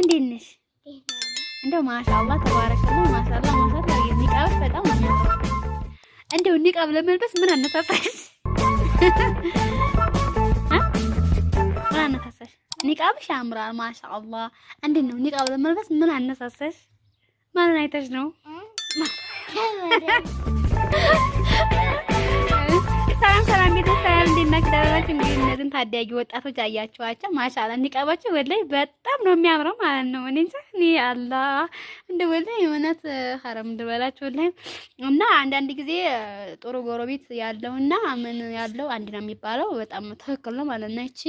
እንዴት ነሽ? እንደው ማሻአላ ተባረከላ ማሻአላ ማሻአላ። ኒቃብ በጣም እንደው ኒቃብ ለመልበስ ምን አነሳሳሽ? ምን አነሳሳሽ? ኒቃብሽ ያምራል ማሻአላ። እንዴት ነው ኒቃብ ለመልበስ ምን አነሳሳሽ? ማንን አይተሽ ነው? ሰላም ሰላም ቤተሰብ እንዴት ናችሁ? እንግዲህ እነዚህን ታዳጊ ወጣቶች አያችኋቸው። ማሻላ እንዲቀባቸው ወላይ በጣም ነው የሚያምረው ማለት ነው። እኔ እንጃ እኔ አላህ እንደው ወላይ የእውነት ሀረም እንድበላችሁ ወላይ። እና አንዳንድ ጊዜ ጥሩ ጎረቤት ያለውና ምን ያለው አንድ ነው የሚባለው። በጣም ትክክል ነው ማለት ነው። እቺ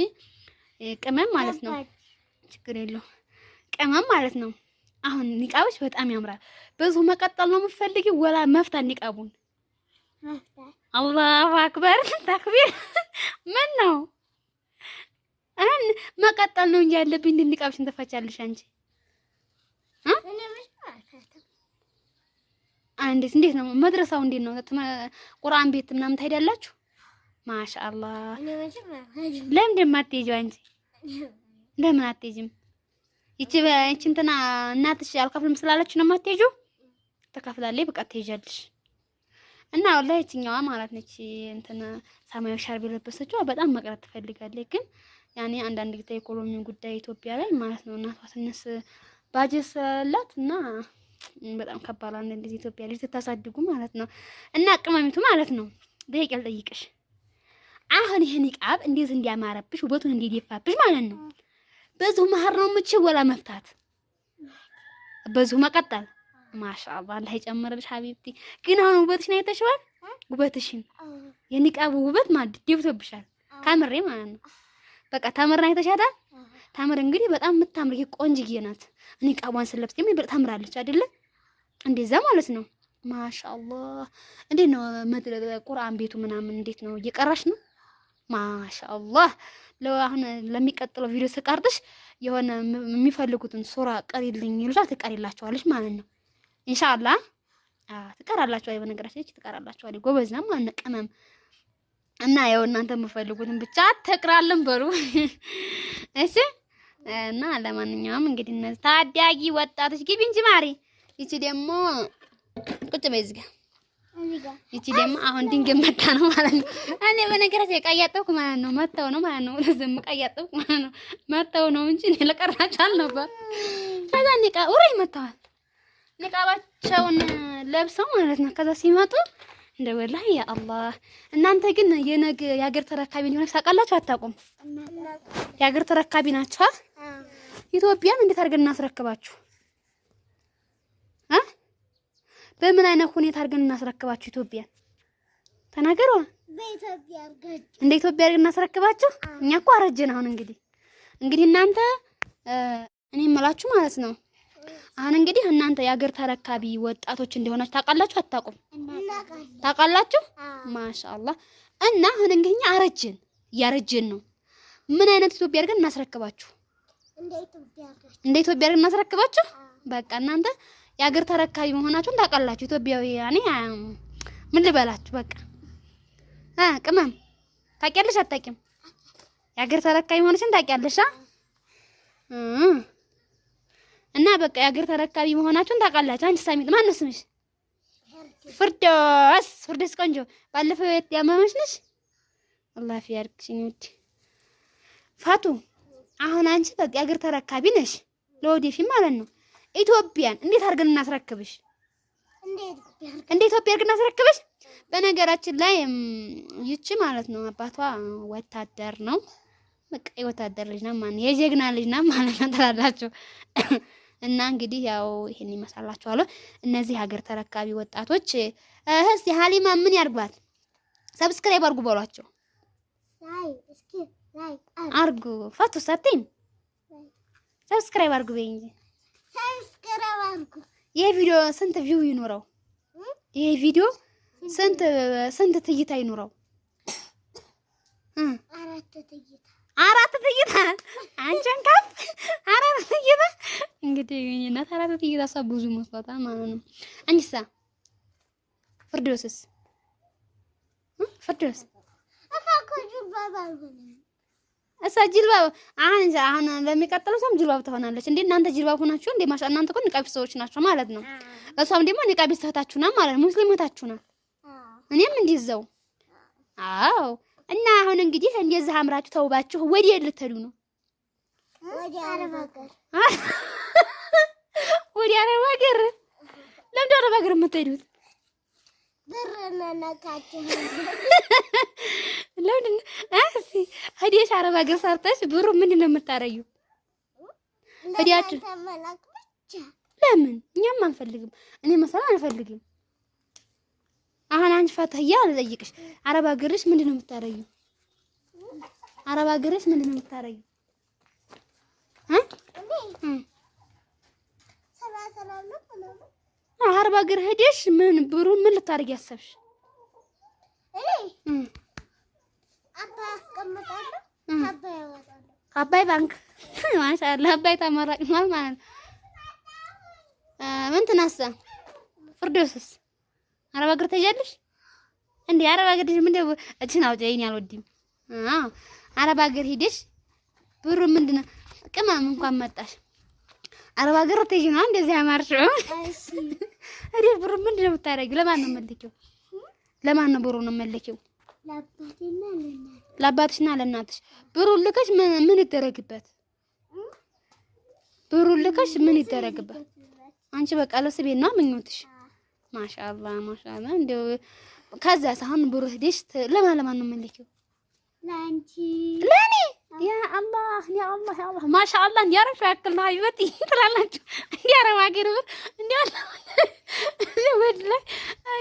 ቅመም ማለት ነው። ችግር የለው ቅመም ማለት ነው። አሁን ኒቃቦች በጣም ያምራል። በዙ መቀጠል ነው የምትፈልጊው ወላ መፍታት ኒቃቡን አላሁ አክበር ተክቢር ምን ነው መቀጠል ነው እንጂ ያለብኝ። ንንቃብሽን ተፈቻለሽ አንቺ። እንዴት እንዴት ነው መድረሳው? እንዴት ነው ቁርአን ቤት ምናምን ትሄዳላችሁ? ማሻአላህ። ለምንድን የማትሄጂው አንቺ? ለምን አትሄጂም? ይቺ እንትና እናትሽ አልከፍልም ስላለች ነው የማትሄጂው? ተከፍላለች። በቃ ትሄጃለሽ። እና ወላሂ የትኛዋ ማለት ነች እንትን ሰማያዊ ሻርብ የለበሰችዋ በጣም መቅረት ትፈልጋለች። ግን ያኔ አንዳንድ ጊዜ ኢኮኖሚው ጉዳይ ኢትዮጵያ ላይ ማለት ነው እናቷ ትንሽ ባጀት ስላላት እና በጣም ከባድ አንዳንድ ጊዜ ኢትዮጵያ ልጅ ትታሳድጉ ማለት ነው እና ቅመሚቱ ማለት ነው ደቂቅ ልጠይቅሽ አሁን ይህን ቃብ እንዴት እንዲያማረብሽ ውበቱን እንዲደፋብሽ ማለት ነው በዚሁ መሀር ነው የምችል ወላ መፍታት በዚሁ መቀጠል ማሻአላ አላህ ይጨምርልሽ ሀቢብቲ። ግን አሁን ውበትሽን አይተሽዋል? ውበትሽን የኒቃቡ ውበት ማድ ደብቶብሻል። ከምሬ ማለት ነው። በቃ ተምርን አይተሻታል። ተምር እንግዲህ በጣም የምታምር ቆንጅዬ ናት። ኒቃቧን ስለብስ የምን በጣም ታምራለች አይደለ? እንደዛ ማለት ነው። ማሻአላ እንዴት ነው ቁርአን ቤቱ ምናምን እንዴት ነው? እየቀራሽ ነው? ማሻአላ አሁን ለሚቀጥለው ቪዲዮ ስቀርጥሽ የሆነ የሚፈልጉትን ሱራ ቀሪልኝ ይሉሻል፣ ትቀሪላቸዋለሽ ማለት ነው። ኢንሻአላ ትቀራላችሁ። አይ በነገራችን እቺ ትቀራላችሁ። አይ ጎበዝናም አንቀመም እና ያው እናንተ የምፈልጉትን ብቻ ተቅራለን በሩ እሺ። እና ለማንኛውም እንግዲህ እነዚህ ታዳጊ ወጣቶች ግቢ እንጂ ማሪ። ይቺ ደግሞ ቁጭ በይ እዚህ ጋር። ይቺ ደግሞ አሁን ድንገት መታ ነው ማለት ነው። እኔ በነገራችን የቃያጠብኩ ማለት ነው መተው ነው ማለት ነው። ለዘም ቃያጠብኩ ማለት ነው መተው ነው እንጂ እኔ ለቀራችሁ አልነበር። ከዛ እኔ ቃ ውረይ መተዋል ንቃባቸውን ለብሰው ማለት ነው። ከዛ ሲመጡ እንደ ወላሂ ያ አላህ። እናንተ ግን የነግ የሀገር ተረካቢ እንዲሆነ ታውቃላችሁ አታውቁም? የሀገር ተረካቢ ናችሁ። ኢትዮጵያን እንዴት አድርገን እናስረክባችሁ? በምን አይነት ሁኔታ አድርገን እናስረክባችሁ ኢትዮጵያን ተናገሩ። እንደ ኢትዮጵያ አድርገን እናስረክባችሁ። እኛ እኮ አረጀን አሁን። እንግዲህ እንግዲህ እናንተ እኔ የምላችሁ ማለት ነው አሁን እንግዲህ እናንተ የአገር ተረካቢ ወጣቶች እንደሆናችሁ ታውቃላችሁ አታውቁም? ታውቃላችሁ። ማሻአላህ እና አሁን እንግዲህ አረጅን እያረጅን ነው። ምን አይነት ኢትዮጵያ አድርገን እናስረክባችሁ? እንደ ኢትዮጵያ አድርገን እናስረክባችሁ። በቃ እናንተ የአገር ተረካቢ መሆናችሁን ታውቃላችሁ። ኢትዮጵያዊ ያኔ ምን ልበላችሁ? በቃ አ ቅመም ታውቂያለሽ አታውቂም? የአገር ተረካቢ መሆናችን ታውቂያለሽ። በቃ የአገር ተረካቢ መሆናችሁን ታውቃላችሁ። አንቺ ሳሚት ማን ነው ስምሽ? ፍርዶስ ፍርዶስ ቆንጆ ባለፈው ያመመሽ ነሽ። አላህ ፊያርክሽ ንት ፋቱ። አሁን አንቺ በቃ የአገር ተረካቢ ነሽ፣ ለወደፊት ማለት ነው። ኢትዮጵያን እንዴት አድርገን እናስረክብሽ? እንዴት ኢትዮጵያ አድርገን እናስረክብሽ። በነገራችን ላይ ይቺ ማለት ነው አባቷ ወታደር ነው። በቃ የወታደር ልጅ ናት። ማን የጀግና ልጅ ናት ማለት ነው ትላላችሁ። እና እንግዲህ ያው ይሄን ይመስላችኋለሁ። እነዚህ ሀገር ተረካቢ ወጣቶች እህስ ሀሊማ ምን ያርጓት? ሰብስክራይብ አርጉ በሏቸው። አርጉ ፈቱ ሰጥኝ ሰብስክራይብ አርጉ በይ እንጂ ሰብስክራይብ አርጉ። ይሄ ቪዲዮ ስንት ቪው ይኖረው? ይሄ ቪዲዮ ስንት ስንት ትይታ ይኖረው? አራት ትይታ አራት ትይታ እንግዲህ እናት አራተት እየታሳ ብዙ መስዋዕታ ማለት ነው። አንቺሳ ፍርዶስስ ፍርዶስ እሳ ጅልባብ አሁን አሁን ለሚቀጥለው ሰም ጅልባብ ትሆናለች እንዴ? እናንተ ጅልባብ ሆናችሁ እንዴ? ማሻ እናንተ እኮ ንቃቢስ ሰዎች ናችሁ ማለት ነው። እሷም ደግሞ ንቃቢስ እህታችሁና ማለት ነው። ሙስሊም ናት። እኔም እንዲዘው አዎ። እና አሁን እንግዲህ እንደዚህ አምራችሁ ተውባችሁ ወዴት ልትሄዱ ነው? ወዴት አረብ ሀገር ወዲያ አረብ ሀገር ለምንድን አረብ ሀገር የምትሄዱት? ብር እናናካችሁ ለምንድን ሰርተሽ ብሩ ምንድን ነው የምታረጊው? ሄዳችሁ ለምን እኛም አንፈልግም። እኔ መሰላ አንፈልግም። አሁን አንቺ ፈትህያ አልጠይቅሽ። አረብ ሀገርሽ ምንድን ነው የምታረጊው? አረብ ሀገርሽ ምንድን ነው የምታረጊው? አርባ እግር ሄደሽ ምን ብሩ ምን ልታደርጊ ያሰብሽ? አባይ ባንክ ማሻአላ፣ አባይ ተመራጭ ማለት ነው። ምን ትናሳ ፍርዶስስ አረብ ሀገር ትሄጃለሽ እንዴ? አረብ ሀገር እችን አውጪ፣ አልወድም። ብሩ ምንድን ነው? ቅመም እንኳን መጣሽ አረብ ሀገር ትሄጂ ነው እንደዚህ ያማርሽው። እሺ ብሩ ምንድን ነው የምታደርጊው? ለማን ነው የምልኪው? ለማን ነው ብሩ ነው የምልኪው? ለአባትሽና ለእናትሽ ብሩ ልከሽ ምን ይደረግበት? ብሩ ልከሽ ምን ይደረግበት? አንቺ በቃ ለብስ ቤት ነው ምኞትሽ። ማሻአላ ማሻአላ። እንደው ከዛ ሳሁን ብሩ ሄደሽ ለማን ለማን ነው የምልኪው? ለአንቺ ለኔ ያ አላህ ያ አላህ ያ አላህ ማሻአላህ እንዲያረፍ ያክል ነው አይበት ትላላችሁ። እንዲያረብ ሀገር ብር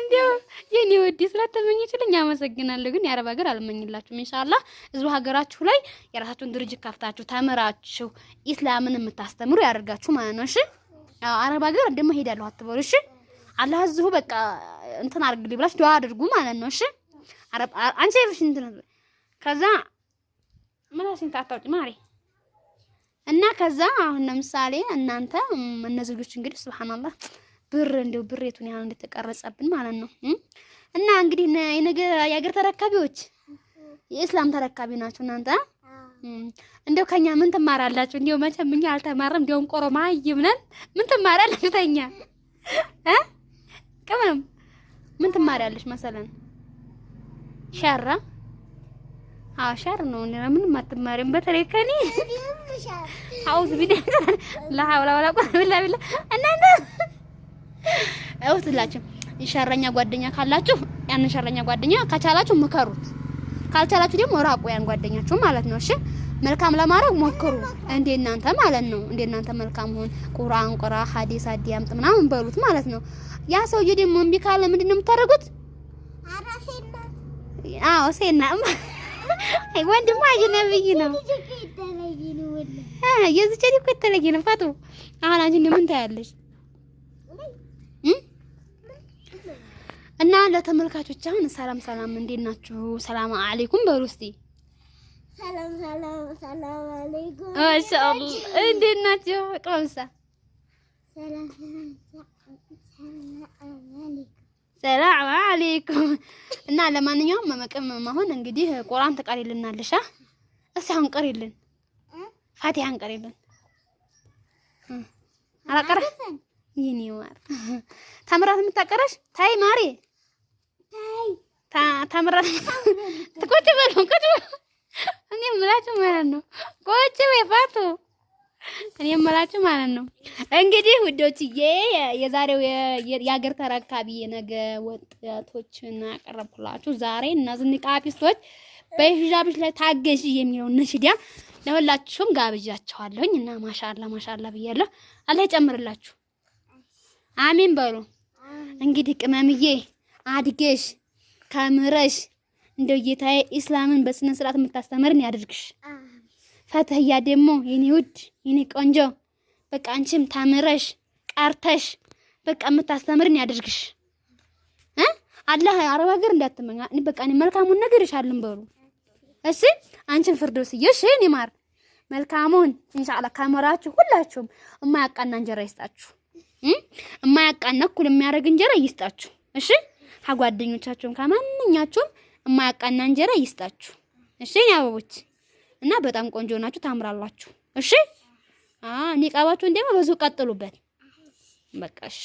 እንዲያው የኔ ወዲ ስለተመኘችልኝ አመሰግናለሁ። ግን የአረብ ሀገር አልመኝላችሁም። ኢንሻአላህ እዚሁ ሀገራችሁ ላይ የራሳችሁን ድርጅት ከፍታችሁ ተምራችሁ ኢስላምን የምታስተምሩ ያደርጋችሁ ማለት ነው። እሺ አረብ ሀገር ደግሞ ሄዳለሁ አትበሉ። እሺ አላህ እዚሁ በቃ እንትን አድርግልኝ ብላችሁ ዱአ አድርጉ ማለት ነው። እሺ አረብ አንቺ ከዛ ምላሴን ታታውጭ ማሪ እና ከዛ አሁን ለምሳሌ እናንተ እነዚህ ልጆች እንግዲህ ሱብሃንአላህ ብር እንደው ብሬቱን ያህል እንደተቀረጸብን ማለት ነው። እና እንግዲህ የነገ የአገር ተረካቢዎች የእስላም ተረካቢ ናቸው። እናንተ እንደው ከኛ ምን ትማራላችሁ? እንደው መቼም እኛ አልተማርም። እንደውም ቆሮማ ይምነን ምን ትማራላችሁ ተኛ እ ምን ትማሪያለሽ መሰለን ሸራ አሻር ነው። እኔ ምንም አትማሪም። በተለይ ከኔ አውዝ ቢደ ለሐውላ ወላ ቁወተ ኢላ ቢላህ። እናንተ እውትላችሁ ሸረኛ ጓደኛ ካላችሁ ያንን ሸረኛ ጓደኛ ከቻላችሁ ምከሩት፣ ካልቻላችሁ ደግሞ ራቁ ያን ጓደኛችሁ ማለት ነው። እሺ መልካም ለማድረግ ሞክሩ፣ እንደ እናንተ ማለት ነው። እንደ እናንተ መልካም ሆን ቁርአን ቁራ ሐዲስ አዲያምጥ ምናምን በሉት ማለት ነው። ያ ሰውዬ ደግሞ እምቢ ካለ ምንድን ነው የምታደርጉት? አዎ ሴና ወንድሟ አጅነብይ ነው። የዚች እኮ የተለየ ነው። ፈጡ አሁን አንቺ ምን ታያለሽ? እና ለተመልካቾች አሁን ሰላም ሰላም፣ እንዴት ናችሁ? ሰላም አለይኩም በሉ እስኪ። ሰላም ሰላም ሰላም አለይኩም። ማሻአላህ እንዴት ናችሁ? ቀምሳ ሰላም ሰላም ሰላም አለይኩም እና ለማንኛውም መመቀም መሆን እንግዲህ ቁርአን ትቀሪልናለሽ። እስኪ አሁን ቀሪልን፣ ፋቲሃን ቀሪልን። አላቀረ ይኔ ማር ታምራት የምታቀረሽ ታይ ማሪ ታምራት ቁጭ በል ቁጭ በል እኔ የምላችሁ ማለት ነው ቁጭ በይ ፋቱ እኔ የምላችሁ ማለት ነው እንግዲህ ውዶችዬ የዛሬው የአገር ተረካቢ የነገ ወጣቶችን አቀረብኩላችሁ። ዛሬ እነዚህ ንቃፊስቶች በሂጃብሽ ላይ ታገዢ የሚለው ነሽዲያ ለሁላችሁም ጋብዣቸዋለሁኝ እና ማሻአላ ማሻአላ ብያለሁ። አላህ ይጨምርላችሁ፣ አሚን በሉ። እንግዲህ ቅመምዬ አድገሽ ከምረሽ እንደው ጌታዬ ኢስላምን በስነ ስርዓት የምታስተምርን ያድርግሽ። ፈተያ ደግሞ የኔ ውድ የኔ ቆንጆ በቃ አንቺም ታምረሽ ቀርተሽ በቃ የምታስተምርን ያደርግሽ እ አላህ አረብ ሀገር እንዳትመኛ በቃ እኔ መልካሙን ነገር ይሻልም በሩ እሺ አንቺን ፍርዶስ እሺ የኔ ማር መልካሙን ኢንሻአላህ ካመራችሁ ሁላችሁም እማያቃና እንጀራ ይስጣችሁ እ እማያቃና እኩል የሚያደርግ እንጀራ ይስጣችሁ እሺ ከጓደኞቻችሁም ከማንኛችሁም እማያቃና እንጀራ ይስጣችሁ እሺ የኔ አበቦች እና በጣም ቆንጆ ናችሁ፣ ታምራላችሁ። እሺ ኒቃባችሁን ደግሞ በዙ ቀጥሉበት። በቃ እሺ።